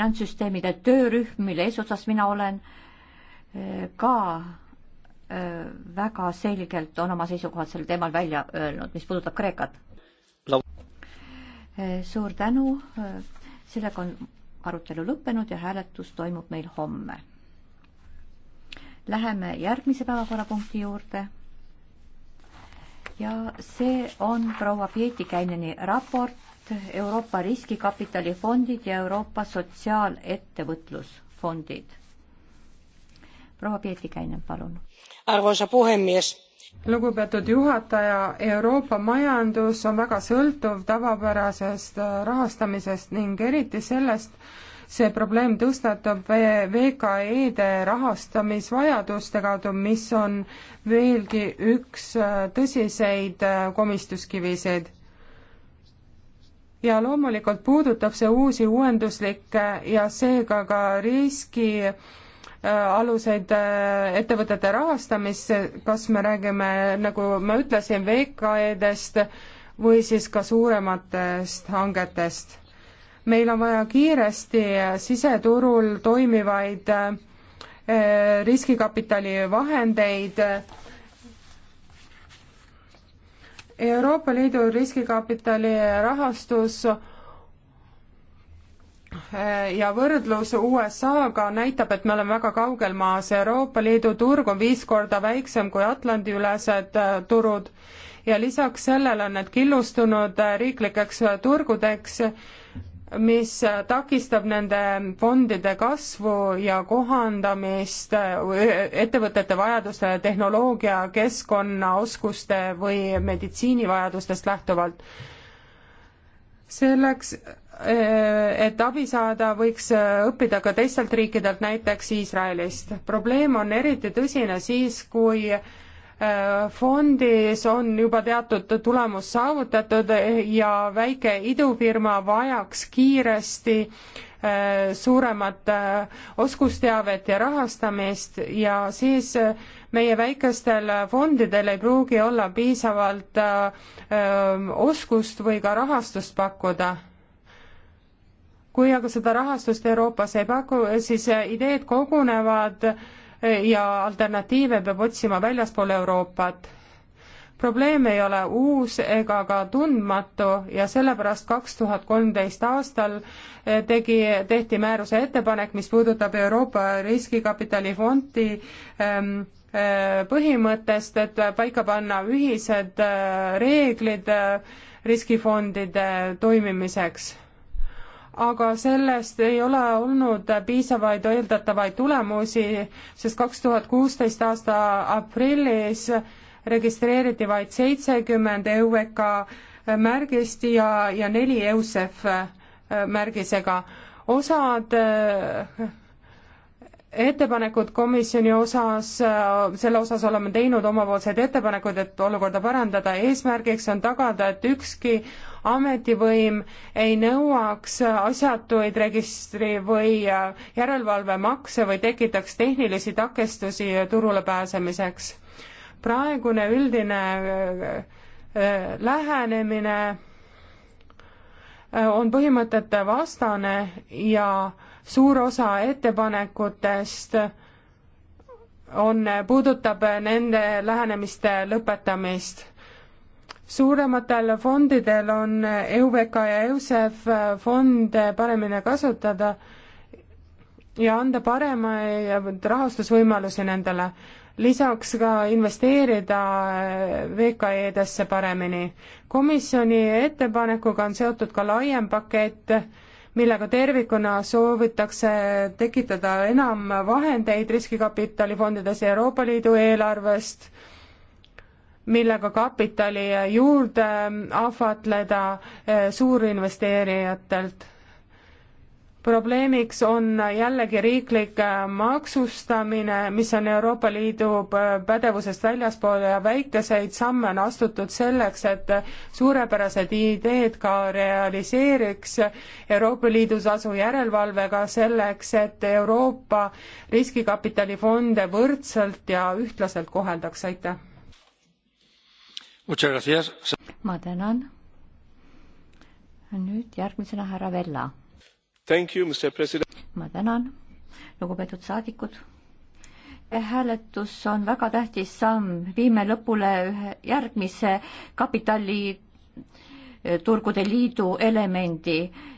finantssüsteemide töörühm, mille eesotsas mina olen, eh, ka eh, väga selgelt on oma seisukohad sel teemal välja öelnud, mis puudutab Kreekat. Eh, suur tänu, sellega on arutelu lõppenud ja hääletus toimub meil homme. Läheme järgmise päevakorrapunkti juurde ja see on proua Pieti Käineni raport Euroopa riskikapitalifondid ja Euroopa sotsiaalettevõtlusfondid. proua Pietikäinen, palun. arvoisa puhemies. lugupeetud juhataja, Euroopa majandus on väga sõltuv tavapärasest äh, rahastamisest ning eriti sellest, see probleem tõstatab VKE-de rahastamisvajaduste kaudu, mis on veelgi üks äh, tõsiseid äh, komistuskivisid ja loomulikult puudutab see uusi uuenduslikke ja seega ka riski äh, aluseid äh, ettevõtete rahastamisse, kas me räägime, nagu ma ütlesin, VKE-dest või siis ka suurematest hangetest. meil on vaja kiiresti siseturul toimivaid äh, riskikapitali vahendeid Euroopa Liidu riskikapitali rahastus eh, ja võrdlus USA-ga näitab, et me oleme väga kaugel maas. Euroopa Liidu turg on viis korda väiksem kui Atlandi-ülesed eh, turud ja lisaks sellele on need killustunud eh, riiklikeks turgudeks mis takistab nende fondide kasvu ja kohandamist ettevõtete vajadustele tehnoloogia, keskkonna, oskuste või meditsiinivajadustest lähtuvalt selleks, e, et abi saada, võiks õppida ka teistelt riikidelt, näiteks Iisraelist. probleem on eriti tõsine siis, kui fondis on juba teatud tulemus saavutatud ja väike idufirma vajaks kiiresti äh, suuremat äh, oskusteavet ja rahastamist ja siis äh, meie väikestel fondidel ei pruugi olla piisavalt oskust või ka rahastust pakkuda kui aga seda rahastust Euroopas ei paku, siis ideed kogunevad äh, ja alternatiive peab otsima väljaspool Euroopat. probleem ei ole uus ega ka tundmatu ja sellepärast kaks tuhat kolmteist aastal eh, tegi, tehti määruse ettepanek, mis puudutab Euroopa riskikapitali fondi ähm, eh, põhimõttest, et paika panna ühised eh, reeglid riskifondide toimimiseks aga sellest ei ole olnud piisavaid eeldatavaid tulemusi, sest kaks tuhat kuusteist aasta aprillis registreeriti vaid seitsekümmend EUK märgist ja, ja neli EUSEF märgisega. osad äh, ettepanekud komisjoni osas, äh, selle osas oleme teinud omapoolseid ettepanekuid, et olukorda parandada, eesmärgiks on tagada, et ükski ametivõim ei nõuaks asjatuid registri või äh, järelevalvemakse või tekitaks tehnilisi takistusi turule pääsemiseks. praegune üldine äh, äh, lähenemine on põhimõtete vastane ja suur osa ettepanekutest on, puudutab nende lähenemiste lõpetamist suurematel fondidel on EUVK ja EUSEF fonde paremini kasutada ja anda paremaid rahastusvõimalusi nendele. lisaks ka investeerida VKE-desse paremini. komisjoni ettepanekuga on seotud ka laiem pakett, millega tervikuna soovitakse tekitada enam vahendeid riskikapitalifondides ja Euroopa Liidu eelarvest millega kapitali juurde ahvatleda eh, suurinvesteerijatelt. probleemiks on jällegi riiklik eh, maksustamine, mis on Euroopa Liidu eh, pädevusest väljaspool ja väikeseid samme on astutud selleks, et suurepärased ideed ka realiseeriks. Euroopa Liidus asu järelevalvega selleks, et Euroopa riskikapitalifonde võrdselt ja ühtlaselt koheldaks, aitäh! ma tänan. nüüd järgmisena härra Vella. ma tänan, lugupeetud saadikud. Eh, hääletus on väga tähtis samm, viime lõpule ühe järgmise kapitali turgude liidu elemendi,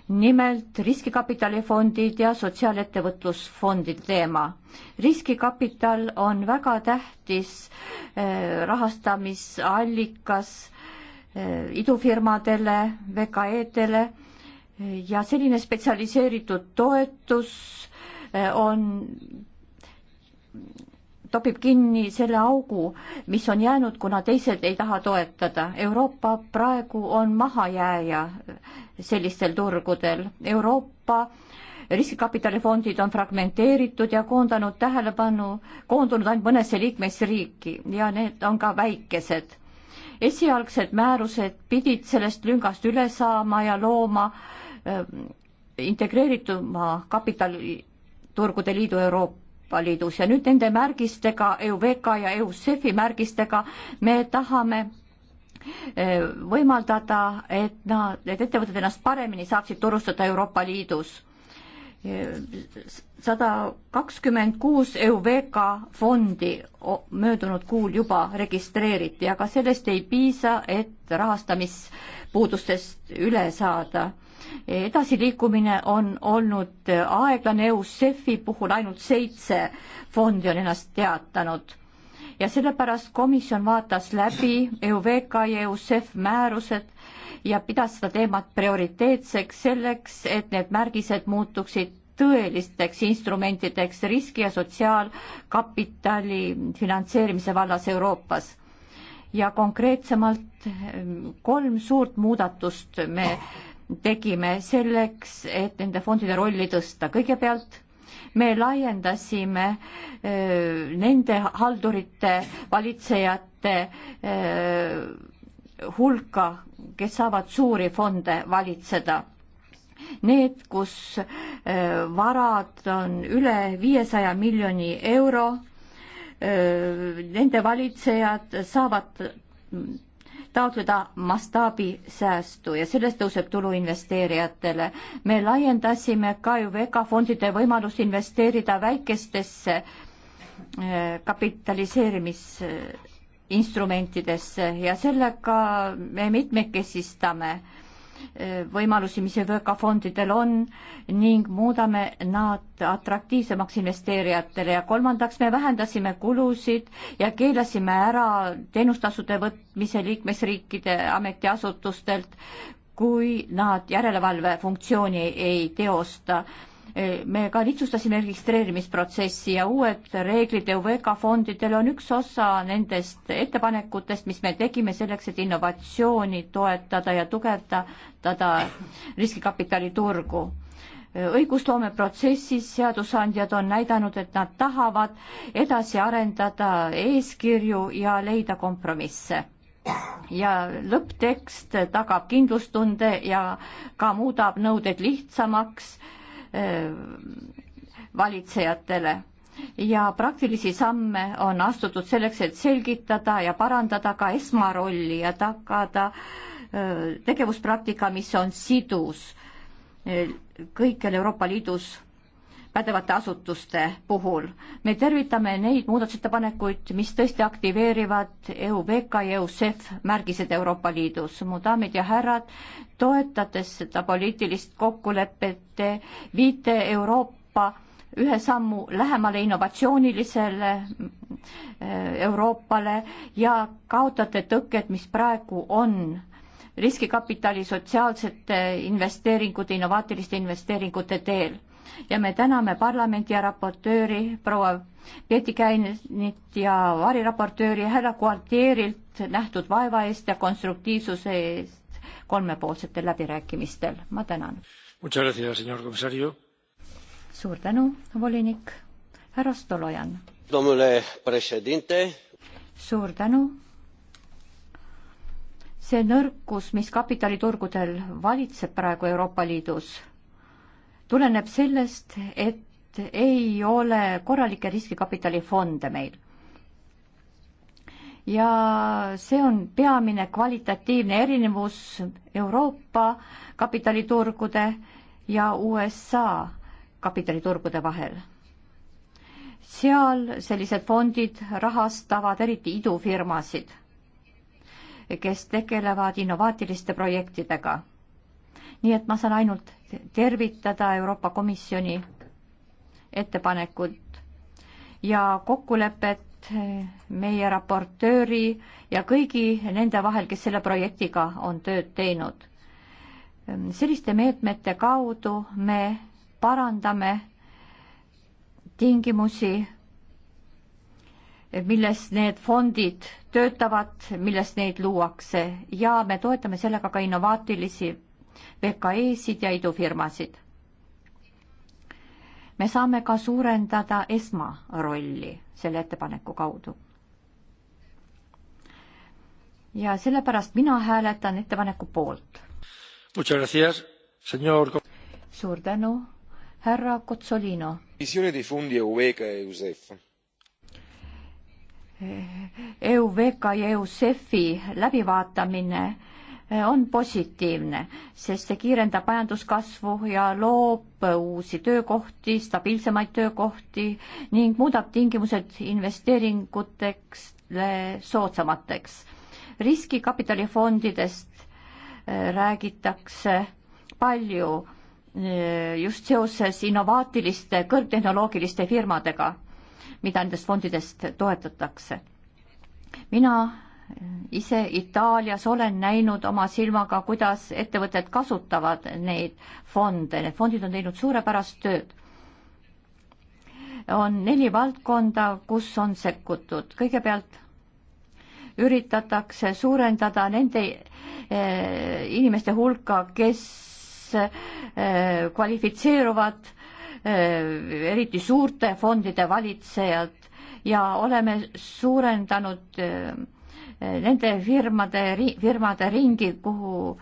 nimelt riskikapitalifondid ja sotsiaalettevõtlusfondid teema. riskikapital on väga tähtis äh, rahastamisallikas äh, idufirmadele, VKE-dele äh, ja selline spetsialiseeritud toetus on topib kinni selle augu, mis on jäänud, kuna teised ei taha toetada. Euroopa praegu on mahajääja sellistel turgudel. Euroopa riskikapitalifondid on fragmenteeritud ja koondanud tähelepanu, koondunud ainult mõnesse liikmesriiki ja need on ka väikesed. esialgsed määrused pidid sellest lüngast üle saama ja looma äh, integreerituma kapitaliturgude liidu Euroopa Euroopa Liidus ja nüüd nende märgistega, EUVK ja EUSEF-i märgistega me tahame eh, võimaldada, et nad, et ettevõtted ennast paremini saaksid turustada Euroopa Liidus sada kakskümmend kuus EUVK fondi möödunud kuul juba registreeriti, aga sellest ei piisa, et rahastamispuudustest üle saada. edasiliikumine on olnud aeglane, EUSEF-i puhul ainult seitse fondi on ennast teatanud ja sellepärast komisjon vaatas läbi EUVK ja EUSEF määrused ja pidas seda teemat prioriteetseks selleks, et need märgised muutuksid tõelisteks instrumentideks riski ja sotsiaalkapitali finantseerimise vallas Euroopas. ja konkreetsemalt ehm, kolm suurt muudatust me tegime selleks, et nende fondide rolli tõsta. kõigepealt me laiendasime öö, ehm, nende haldurite, valitsejate öö, ehm, hulka, kes saavad suuri fonde valitseda. Need, kus äh, varad on üle viiesaja miljoni euro, äh, nende valitsejad saavad taotleda mastaabisäästu ja sellest tõuseb tulu investeerijatele. me laiendasime ka ju VEKA fondide võimalust investeerida väikestesse äh, kapitaliseerimis instrumentidesse ja sellega me mitmekesistame eh, võimalusi, mis EVK fondidel on ning muudame nad atraktiivsemaks investeerijatele ja kolmandaks me vähendasime kulusid ja keelasime ära teenustasude võtmise liikmesriikide ametiasutustelt, kui nad järelevalve funktsiooni ei teosta me ka lihtsustasime registreerimisprotsessi ja uued reeglid Eureka fondidel on üks osa nendest ettepanekutest, mis me tegime selleks, et innovatsiooni toetada ja tugevdada riskikapitaliturgu. õigusloome protsessis seadusandjad on näidanud, et nad tahavad edasi arendada eeskirju ja leida kompromisse ja lõpptekst tagab kindlustunde ja ka muudab nõuded lihtsamaks Äh, valitsejatele ja praktilisi samme on astutud selleks, et selgitada ja parandada ka esmarolli ja tagada äh, tegevuspraktika, mis on sidus äh, kõikjal Euroopa Liidus pädevate asutuste puhul. me tervitame neid muudatusettepanekuid, mis tõesti aktiveerivad EUVK ja EUCEF märgised Euroopa Liidus. mu daamid ja härrad, toetades seda poliitilist kokkulepet, viite Euroopa ühe sammu lähemale innovatsioonilisele eh, Euroopale ja kaotate tõkked, mis praegu on riskikapitali sotsiaalsete investeeringute, innovaatiliste investeeringute teel ja me täname parlamendi ja raportööri proua Peeti Käinit ja variraportööri härra Guardierilt nähtud vaeva eest ja konstruktiivsuse eest kolmepoolsetel läbirääkimistel. ma tänan. suur tänu, volinik härra Stolojan. domnule președinte. suur tänu see nõrkus, mis kapitaliturgudel valitseb praegu Euroopa Liidus, tuleneb sellest, et ei ole korralikke riskikapitalifonde meil. ja see on peamine kvalitatiivne erinevus Euroopa kapitaliturgude ja USA kapitaliturgude vahel. seal sellised fondid rahastavad eriti idufirmasid, kes tegelevad innovaatiliste projektidega. nii et ma saan ainult tervitada Euroopa Komisjoni ettepanekut ja kokkulepet meie raportööri ja kõigi nende vahel, kes selle projektiga on tööd teinud. selliste meetmete kaudu me parandame tingimusi, milles need fondid töötavad, milles neid luuakse ja me toetame sellega ka innovaatilisi VKE-sid ja idufirmasid. me saame ka suurendada ESMA rolli selle ettepaneku kaudu. ja sellepärast mina hääletan ettepaneku poolt. suur tänu, härra Kotsolino EUVK ja EUSEF-i läbivaatamine on positiivne, sest see kiirendab majanduskasvu ja loob uusi töökohti, stabiilsemaid töökohti ning muudab tingimused investeeringuteks soodsamateks. riskikapitalifondidest äh, räägitakse palju äh, just seoses innovaatiliste kõrgtehnoloogiliste firmadega, mida nendest fondidest toetatakse. mina ise Itaalias olen näinud oma silmaga, kuidas ettevõtted kasutavad neid fonde, need fondid on teinud suurepärast tööd. on neli valdkonda, kus on sekkutud, kõigepealt üritatakse suurendada nende eh, inimeste hulka, kes eh, kvalifitseeruvad eh, eriti suurte fondide valitsejad ja oleme suurendanud nende firmade, firmade ringi, kuhu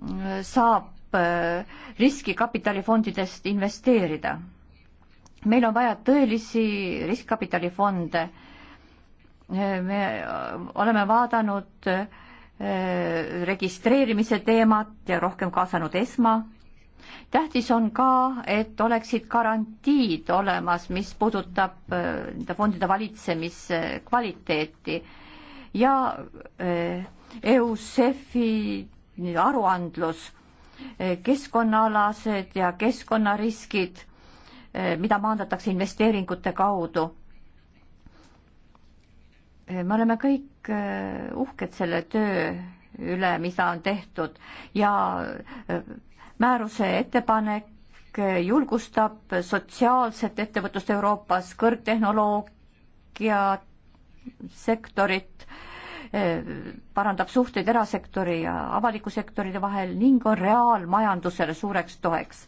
äh, saab äh, riskikapitalifondidest investeerida. meil on vaja tõelisi riskikapitalifonde. Äh, me oleme vaadanud registreerimise teemat ja rohkem kaasanud ESMA. tähtis on ka, et oleksid garantiid olemas, mis puudutab nende fondide valitsemise kvaliteeti ja eh, EUSEF-i aruandlus, eh, keskkonnaalased ja keskkonnariskid, eh, mida maandatakse investeeringute kaudu. me oleme kõik uhked selle töö üle, mida on tehtud ja määruse ettepanek julgustab sotsiaalset ettevõtlust Euroopas, kõrgtehnoloogiat, sektorit, parandab suhteid erasektori ja avaliku sektori vahel ning on reaalmajandusele suureks toeks.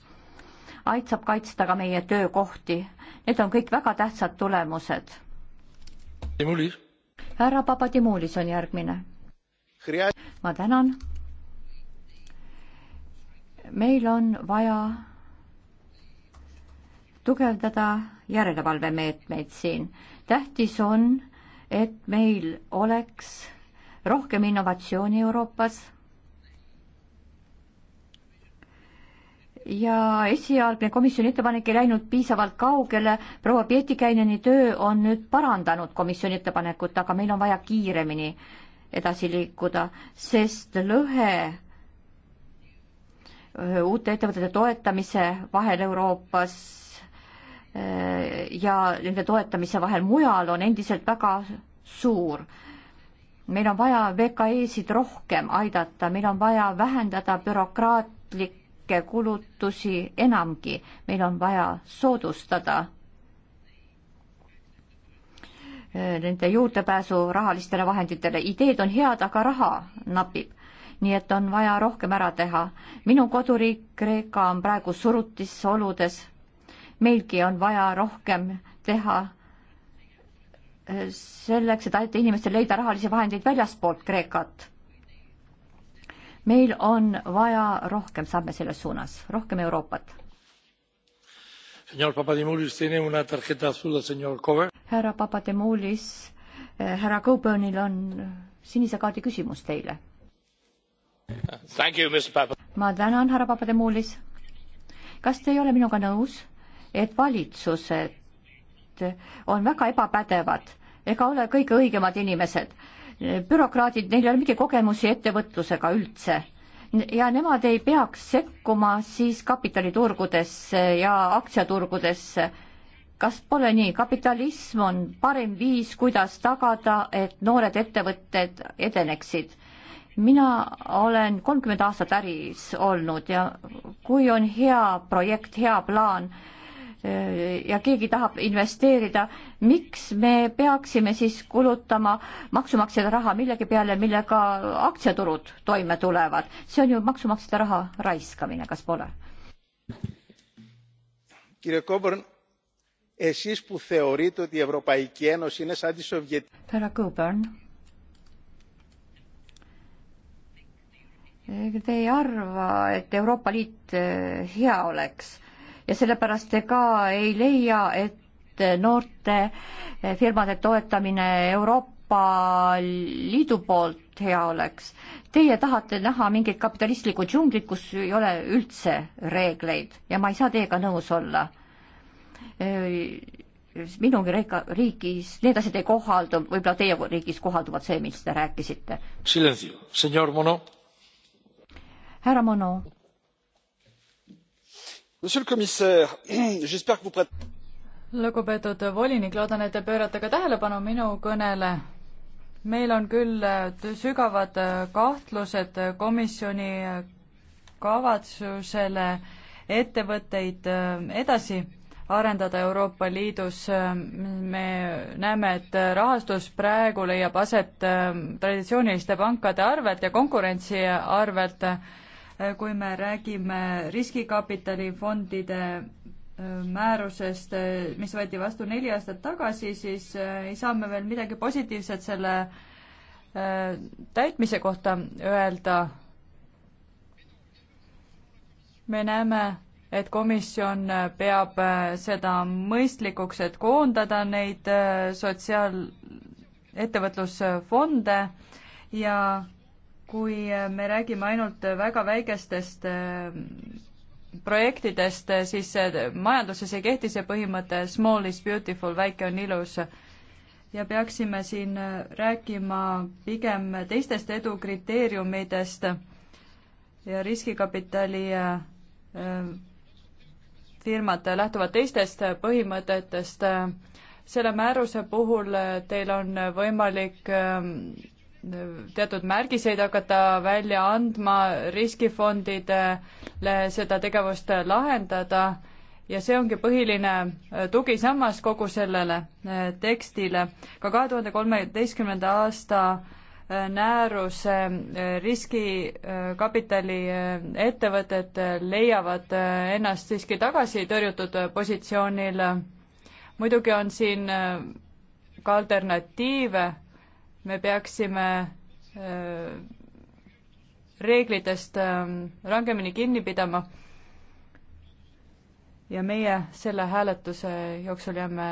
aitab kaitsta ka meie töökohti. Need on kõik väga tähtsad tulemused. härra Papadimulis on järgmine. ma tänan. meil on vaja tugevdada järelevalvemeetmeid siin. tähtis on, et meil oleks rohkem innovatsiooni Euroopas. ja esialgne komisjoni ettepanek ei läinud piisavalt kaugele, proua Pietikäineni töö on nüüd parandanud komisjoni ettepanekut, aga meil on vaja kiiremini edasi liikuda, sest lõhe äh, uute ettevõtete toetamise vahel Euroopas Äh, ja nende toetamise vahel mujal on endiselt väga suur. meil on vaja VKE-sid rohkem aidata, meil on vaja vähendada bürokraatlikke kulutusi enamgi, meil on vaja soodustada äh, nende juurdepääsu rahalistele vahenditele. ideed on head, aga raha napib. nii et on vaja rohkem ära teha. minu koduriik Kreeka on praegu surutis oludes meilgi on vaja rohkem teha eh, selleks, et aidata inimestel leida rahalisi vahendeid väljaspoolt Kreekat. meil on vaja rohkem samme selles suunas, rohkem Euroopat. härra Papademoulis, eh, härra Coburnil on sinise kaardi küsimus teile. ma tänan, härra Papademoulis. kas te ei ole minuga nõus? et valitsused on väga ebapädevad ega ole kõige õigemad inimesed. bürokraadid, neil ei ole mingeid kogemusi ettevõtlusega üldse ja nemad ei peaks sekkuma siis kapitaliturgudesse ja aktsiaturgudesse. kas pole nii, kapitalism on parem viis, kuidas tagada, et noored ettevõtted edeneksid? mina olen kolmkümmend aastat äris olnud ja kui on hea projekt, hea plaan, ja keegi tahab investeerida, miks me peaksime siis kulutama maksumaksjate raha millegi peale, millega aktsiaturud toime tulevad, see on ju maksumaksjate raha raiskamine, kas pole? härra Coburn. Te ei arva, et Euroopa Liit eh, hea oleks ja sellepärast te ka ei leia, et noorte firmade toetamine Euroopa Liidu poolt hea oleks. Teie tahate näha mingit kapitalistlikku džunglit, kus ei ole üldse reegleid ja ma ei saa teiega nõus olla minu reika, riigis need asjad ei kohaldu, võib-olla teie riigis kohalduvad see, mis te rääkisite. härra Mono. lugupeetud volinik loodan et te pöörate ka tähelepanu minu kõnele meil on küll äh, sügavad äh, kahtlused äh, komisjoni kavatsusele ettevõtteid edasi arendada Euroopa Liidus. me näeme, et rahastus praegu leiab aset traditsiooniliste pankade arvelt ja konkurentsi arvelt Äh, kui me räägime riskikapitalifondide äh, määrusest, äh, mis võeti vastu neli aastat tagasi, siis ei saa me veel midagi positiivset selle täitmise kohta öelda. me näeme, et komisjon peab seda mõistlikuks, et koondada neid sotsiaal, ettevõtlusfonde ja kui äh, me räägime ainult äh, väga väikestest äh, projektidest, siis majanduses ei kehti see põhimõte small is beautiful, väike on ilus. ja peaksime siin rääkima pigem teistest edukriteeriumidest ja riskikapitali firmad lähtuvad teistest põhimõtetest. selle määruse puhul teil on võimalik ähm, teatud märgiseid hakata välja andma, riskifondidele seda tegevust lahendada ja see ongi põhiline tugisammas kogu sellele tekstile. ka kahe tuhande kolmeteistkümnenda aasta määruse riskikapitali ettevõtted leiavad ennast siiski tagasi tõrjutud positsioonil. muidugi on siin ka alternatiive me peaksime reeglitest rangemini kinni pidama. ja meie selle hääletuse jooksul jääme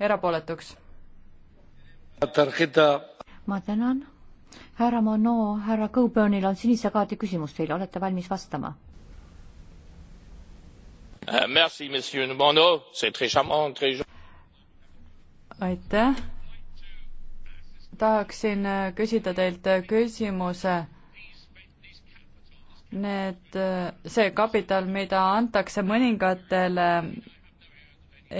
erapooletuks. ma tänan. härra Mono, härra Kõubernil on sinise kaardi küsimus teile, olete valmis vastama? aitäh, tahaksin äh, küsida teilt äh, küsimuse. Need, äh, see kapital, mida antakse mõningatele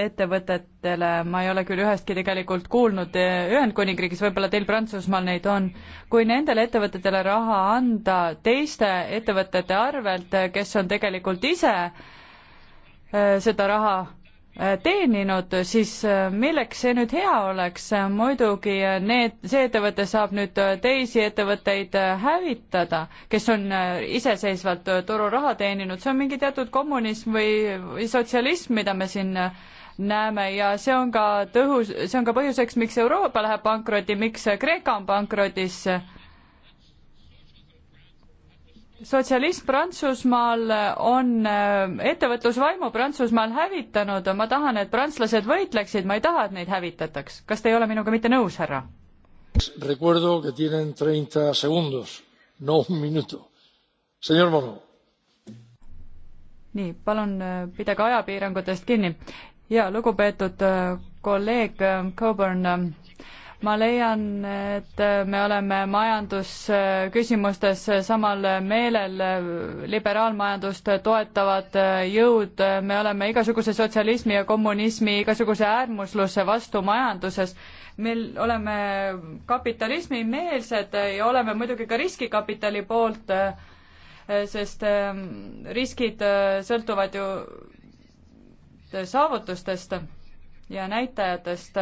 ettevõtetele, ma ei ole küll ühestki tegelikult kuulnud Ühendkuningriigis, võib-olla teil Prantsusmaal neid on, kui nendele ettevõtetele raha anda teiste ettevõtete arvelt, kes on tegelikult ise seda raha teeninud, siis äh, milleks see nüüd hea oleks, muidugi äh, need, see ettevõte saab nüüd äh, teisi ettevõtteid hävitada, kes on iseseisvalt tururaha teeninud, see on mingi teatud kommunism või, või sotsialism, mida me siin näeme ja see on ka tõhus, see on ka põhjuseks, miks Euroopa läheb pankrotti, miks Kreeka on pankrotis sotsialism Prantsusmaal on äh, ettevõtlusvaimu Prantsusmaal hävitanud, ma tahan, et prantslased võitleksid, ma ei taha, et neid hävitataks. kas te ei ole minuga mitte nõus, härra? Recuerdo que tienen treinta segundos, no un minuto. Señor Mono. nii, palun äh, pidage ajapiirangutest kinni. ja lugupeetud äh, kolleeg Coburn ma leian, et me oleme majandusküsimustes samal meelel, liberaalmajandust toetavad jõud, me oleme igasuguse sotsialismi ja kommunismi, igasuguse äärmusluse vastu majanduses me oleme kapitalismimeelsed ja oleme muidugi ka riskikapitali poolt, sest ehm, riskid sõltuvad ju saavutustest ja näitajatest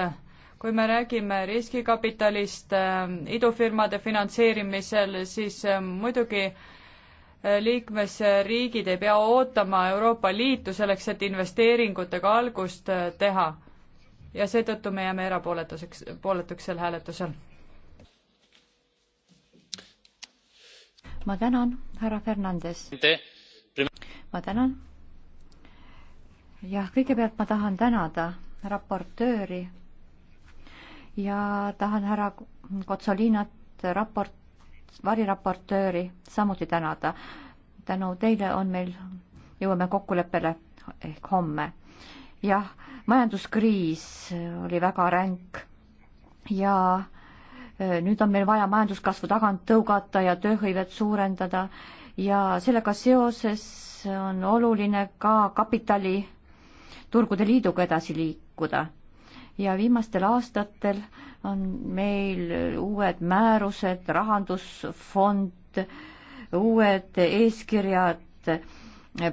kui me räägime riskikapitalist äh, idufirmade finantseerimisel, siis äh, muidugi äh, liikmesriigid ei pea ootama Euroopa Liitu selleks, et investeeringutega algust teha. ja seetõttu me jääme erapooletuseks, pooletuks sel hääletusel. ma tänan, härra Fernandes. ma tänan. jah, kõigepealt ma tahan tänada raportööri ja tahan härra Kotsolinat, raport, variraportööri samuti tänada. tänu teile on meil, jõuame kokkuleppele ehk homme. jah, majanduskriis oli väga ränk ja äh, nüüd on meil vaja majanduskasvu tagant tõugata ja tööhõivet suurendada ja sellega seoses on oluline ka kapitaliturgude liiduga edasi liikuda ja viimastel aastatel on meil uued määrused, rahandusfond, uued eeskirjad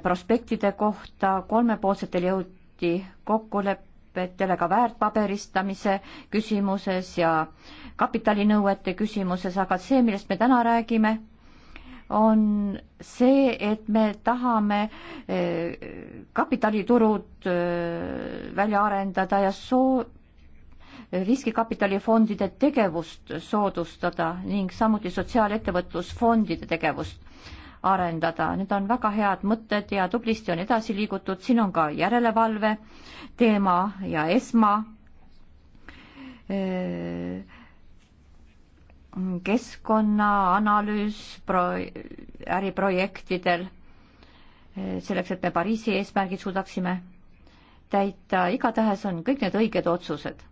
prospektide kohta, kolmepoolsetel jõuti kokkulepetele ka väärtpaberistamise küsimuses ja kapitalinõuete küsimuses, aga see, millest me täna räägime, on see, et me tahame eh, kapitaliturud eh, välja arendada ja soo-, riskikapitalifondide tegevust soodustada ning samuti sotsiaalettevõtlusfondide tegevust arendada. Need on väga head mõtted ja tublisti on edasi liigutud, siin on ka järelevalve teema ja ESMA eh, keskkonnaanalüüs pro-, äriprojektidel, eh, selleks, et me Pariisi eesmärgid suudaksime täita, igatahes on kõik need õiged otsused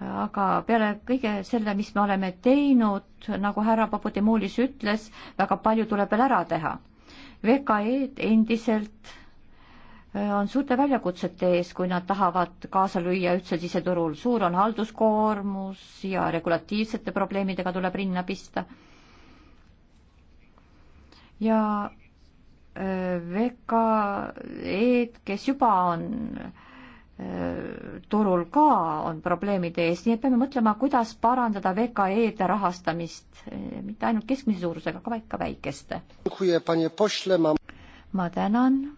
aga peale kõige selle, mis me oleme teinud, nagu härra Papademoulis ütles, väga palju tuleb veel ära teha. VKE-d endiselt äh, on suurte väljakutsete ees, kui nad tahavad kaasa lüüa ühtsel siseturul. suur on halduskoormus ja regulatiivsete probleemidega tuleb rinna pista. ja äh, VKE-d, kes juba on äh, turul ka on probleemide ees, nii et peame mõtlema, kuidas parandada VKE-de rahastamist, eh, mitte ainult keskmise suurusega, aga ka väikeste. ma tänan.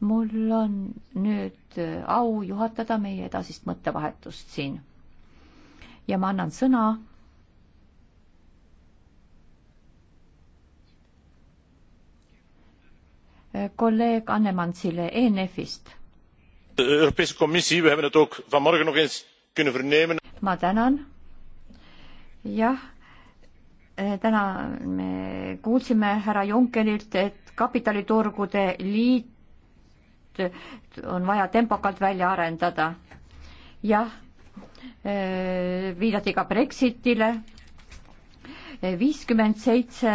mul on nüüd eh, au juhatada meie edasist mõttevahetust siin ja ma annan sõna kolleeg Annemansile ENF-ist. ma tänan. jah, eh, täna me kuulsime härra Junckerilt, et kapitaliturgude liit on vaja tempokalt välja arendada. jah, eh, viidati ka Brexitile, eh, viiskümmend seitse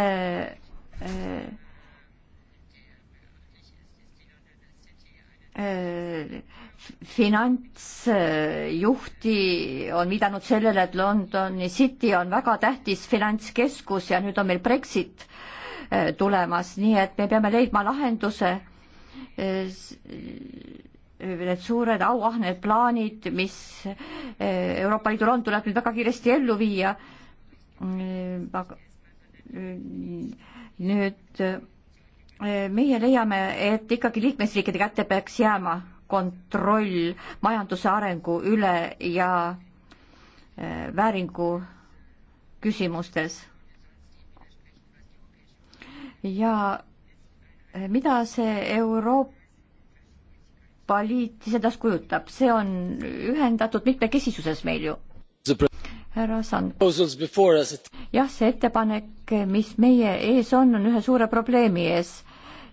Äh, finantsjuhti on viidanud sellele, et Londoni City on väga tähtis finantskeskus ja nüüd on meil Brexit äh, tulemas, nii et me peame leidma lahenduse. Äh, need suured auahned plaanid, mis Euroopa Liidul on, tuleb nüüd väga kiiresti ellu viia. nüüd meie leiame, et ikkagi liikmesriikide kätte peaks jääma kontroll majanduse arengu üle ja e, vääringu küsimustes. ja e, mida see Euroopa Liit iseendast kujutab, see on ühendatud mitmekesisuses meil ju. härra Sand. jah, see ettepanek, mis meie ees on, on ühe suure probleemi ees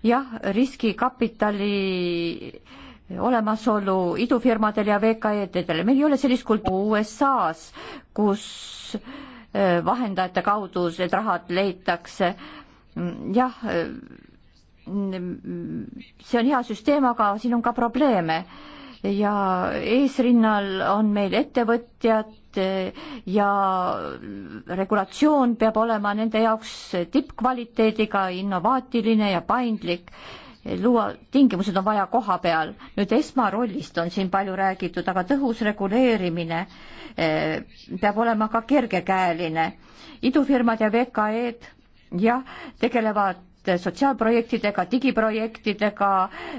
jah, riskikapitali olemasolu idufirmadel ja VKE-del, meil ei ole sellist kultuuri USA-s, kus äh, vahendajate kaudu need rahad leitakse. jah, äh, see on hea süsteem, aga siin on ka probleeme ja eesrinnal on meil ettevõtjad ja regulatsioon peab olema nende jaoks tippkvaliteediga, innovaatiline ja paindlik luua, tingimused on vaja koha peal. nüüd esmarollist on siin palju räägitud, aga tõhus reguleerimine eh, peab olema ka kergekäeline. idufirmad ja VKE-d jah, tegelevad sotsiaalprojektidega, digiprojektidega,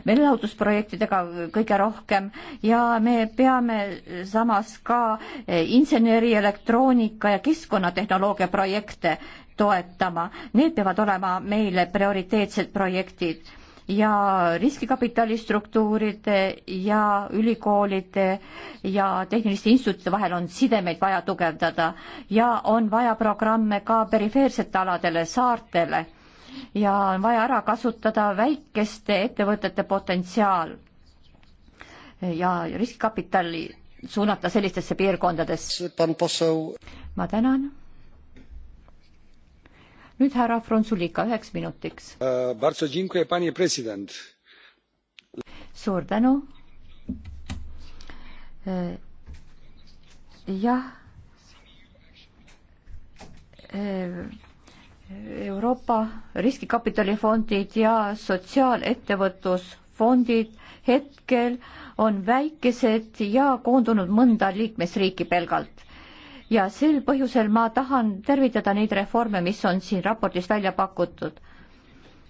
meelelahutusprojektidega kõige rohkem ja me peame samas ka eh, inseneri, elektroonika ja keskkonnatehnoloogia projekte toetama. Need peavad olema meile prioriteetsed projektid ja riskikapitali struktuuride ja ülikoolide ja tehniliste instituutide vahel on sidemeid vaja tugevdada ja on vaja programme ka perifeersete aladele, saartele ja on vaja ära kasutada väikeste ettevõtete potentsiaal ja riskikapitali suunata sellistesse piirkondadesse. ma tänan. nüüd härra Fronsulika üheks minutiks uh,. suur tänu. E, jah e, Euroopa riskikapitalifondid ja sotsiaalettevõtlusfondid hetkel on väikesed ja koondunud mõnda liikmesriiki pelgalt ja sel põhjusel ma tahan tervitada neid reforme, mis on siin raportis välja pakutud.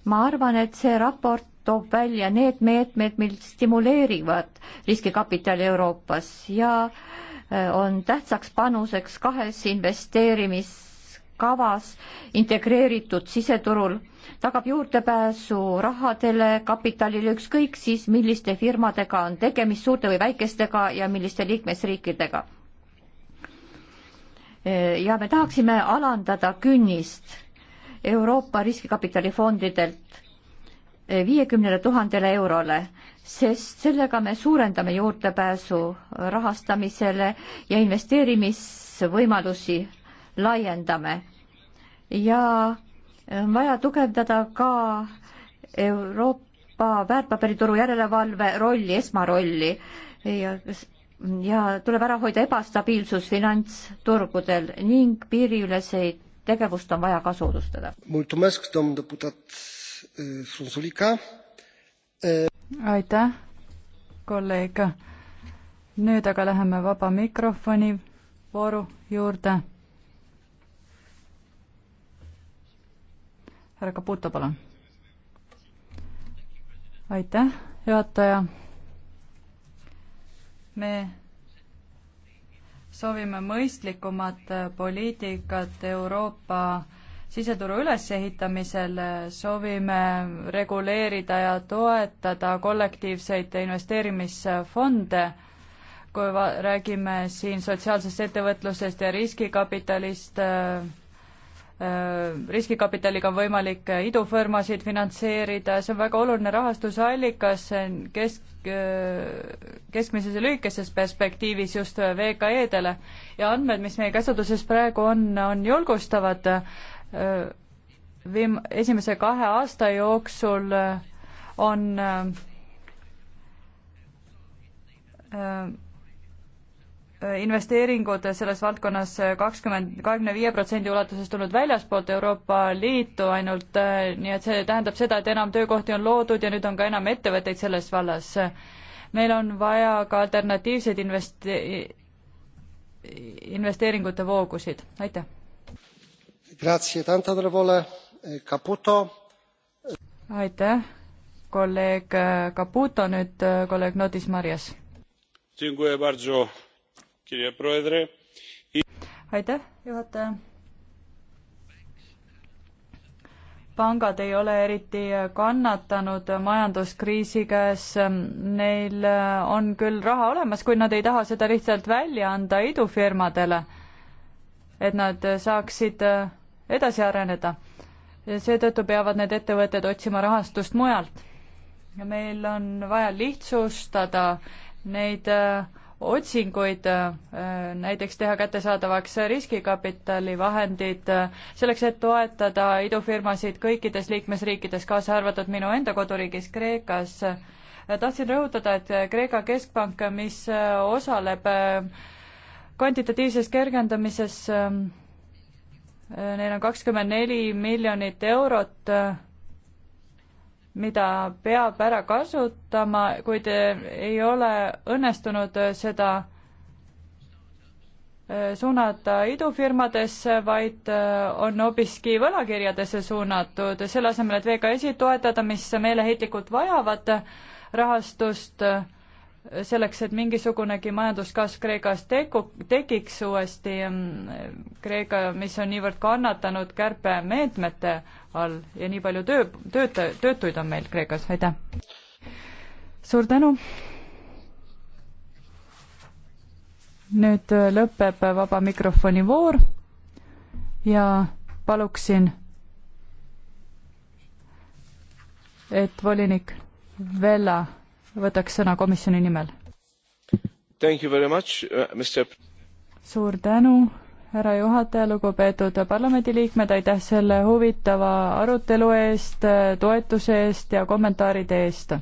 ma arvan, et see raport toob välja need meetmed, mil stimuleerivad riskikapitali Euroopas ja eh, on tähtsaks panuseks kahes investeerimis kavas integreeritud siseturul tagab juurdepääsu rahadele, kapitalile, ükskõik siis milliste firmadega on tegemist, suurte või väikestega ja milliste liikmesriikidega. ja me tahaksime alandada künnist Euroopa riskikapitalifondidelt viiekümnele tuhandele eurole, sest sellega me suurendame juurdepääsu rahastamisele ja investeerimisvõimalusi laiendame ja on vaja tugevdada ka Euroopa väärtpaberituru järelevalve rolli, esmarolli ja, ja tuleb ära hoida ebastabiilsus finantsturgudel ning piiriüleseid tegevust on vaja ka soodustada. Eh, eh, aitäh, kolleeg. nüüd aga läheme vaba mikrofoni vooru juurde härra Caputo, palun. aitäh, juhataja. me soovime mõistlikumat poliitikat Euroopa siseturu ülesehitamisel, soovime reguleerida ja toetada kollektiivseid investeerimisfonde, kui räägime siin sotsiaalsest ettevõtlusest ja riskikapitalist äh,, Äh, riskikapitaliga on võimalik äh, idufirmasid finantseerida, see on väga oluline rahastusallikas kesk, äh, keskmises ja lühikeses perspektiivis just VKE-dele ja andmed, mis meie käsutuses praegu on, on julgustavad. Vim-, esimese kahe aasta jooksul on äh, investeeringud selles valdkonnas kakskümmend, kahekümne viie protsendi ulatuses tulnud väljaspoolt Euroopa Liitu ainult, nii et see tähendab seda, et enam töökohti on loodud ja nüüd on ka enam ettevõtteid selles vallas. meil on vaja ka alternatiivseid invest-, investeeringute voogusid, aitäh. Eh, aitäh, kolleeg eh, Caputo, nüüd eh, kolleeg Notis Marjas aitäh, juhataja. pangad ei ole eriti kannatanud majanduskriisi käes, neil on küll raha olemas, kuid nad ei taha seda lihtsalt välja anda idufirmadele, et nad saaksid edasi areneda. ja seetõttu peavad need ettevõtted otsima rahastust mujalt. ja meil on vaja lihtsustada neid äh, otsinguid, äh, näiteks teha kättesaadavaks riskikapitali vahendid äh, selleks, et toetada idufirmasid kõikides liikmesriikides, kaasa arvatud minu enda koduriigis Kreekas. tahtsin rõhutada, et Kreeka keskpank, mis äh, osaleb kvantitatiivses kergendamises, neil on kakskümmend neli miljonit eurot mida peab ära kasutama, kuid ei ole õnnestunud seda äh, suunata idufirmadesse, vaid äh, on hoopiski võlakirjadesse suunatud, selle asemel, et VKS-id toetada, mis meeleheitlikult vajavad äh, rahastust selleks, et mingisugunegi majanduskasv Kreekas teku, tekiks uuesti, mm, Kreeka, mis on niivõrd kannatanud kärpemeetmete all ja nii palju töö, tööta-, töötuid on meil Kreekas, aitäh! suur tänu! nüüd lõpeb vaba mikrofoni voor ja paluksin, et volinik Vella võtaks sõna komisjoni nimel. Uh, suur tänu, härra juhataja, lugupeetud parlamendiliikmed, aitäh selle huvitava arutelu eest, toetuse eest ja kommentaaride eest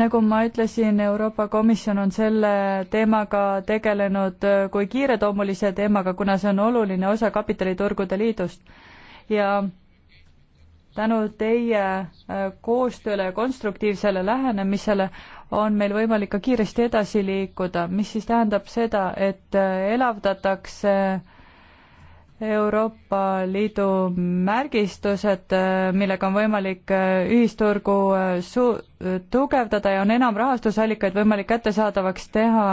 nagu ma ütlesin, Euroopa Komisjon on selle teemaga tegelenud kui kiiretoomulise teemaga, kuna see on oluline osa kapitaliturgude liidust. ja tänu teie äh, koostööle ja konstruktiivsele lähenemisele on meil võimalik ka kiiresti edasi liikuda, mis siis tähendab seda, et äh, elavdatakse Euroopa Liidu märgistused, äh, millega on võimalik äh, ühisturgu äh, su-, tugevdada ja on enam rahastusallikaid võimalik kättesaadavaks teha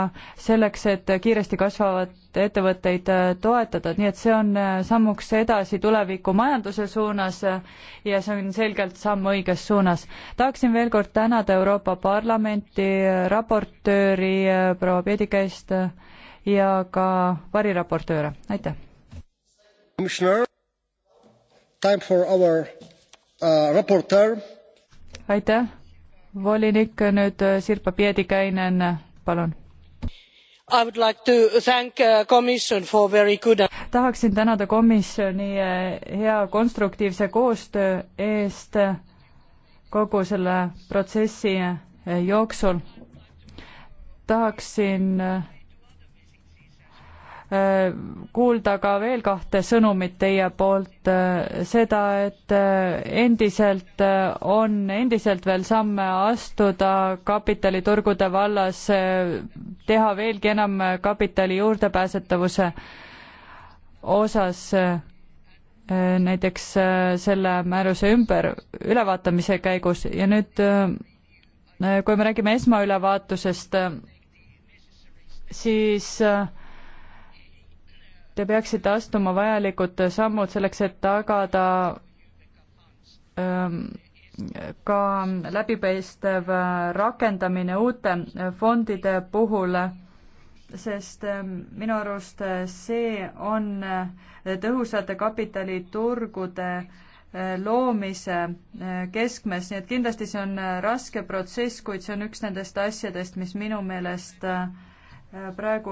selleks, et kiiresti kasvavat ettevõtteid toetada, nii et see on sammuks edasi tuleviku majanduse suunas ja see on selgelt samm õiges suunas. tahaksin veel kord tänada Euroopa Parlamenti raportööri proua Pedikäist ja ka variraportööre, aitäh! Uh, aitäh, volinik, nüüd uh, Sirpa Pietikäinen, palun. Like uh, tahaksin tänada komisjoni hea konstruktiivse koostöö eest kogu selle protsessi jooksul. tahaksin kuulda ka veel kahte sõnumit teie poolt, seda, et endiselt on endiselt veel samme astuda kapitaliturgude vallas, teha veelgi enam kapitali juurdepääsetavuse osas näiteks selle määruse ümber ülevaatamise käigus ja nüüd kui me räägime esmaülevaatusest, siis äh, Te peaksite astuma vajalikud sammud selleks, et tagada ähm, ka läbipaistev äh, rakendamine uute äh, fondide puhul, sest ähm, minu arust äh, see on tõhusate kapitaliturgude loomise keskmes, nii et kindlasti see on raske protsess, kuid see on üks nendest asjadest, mis minu meelest praegu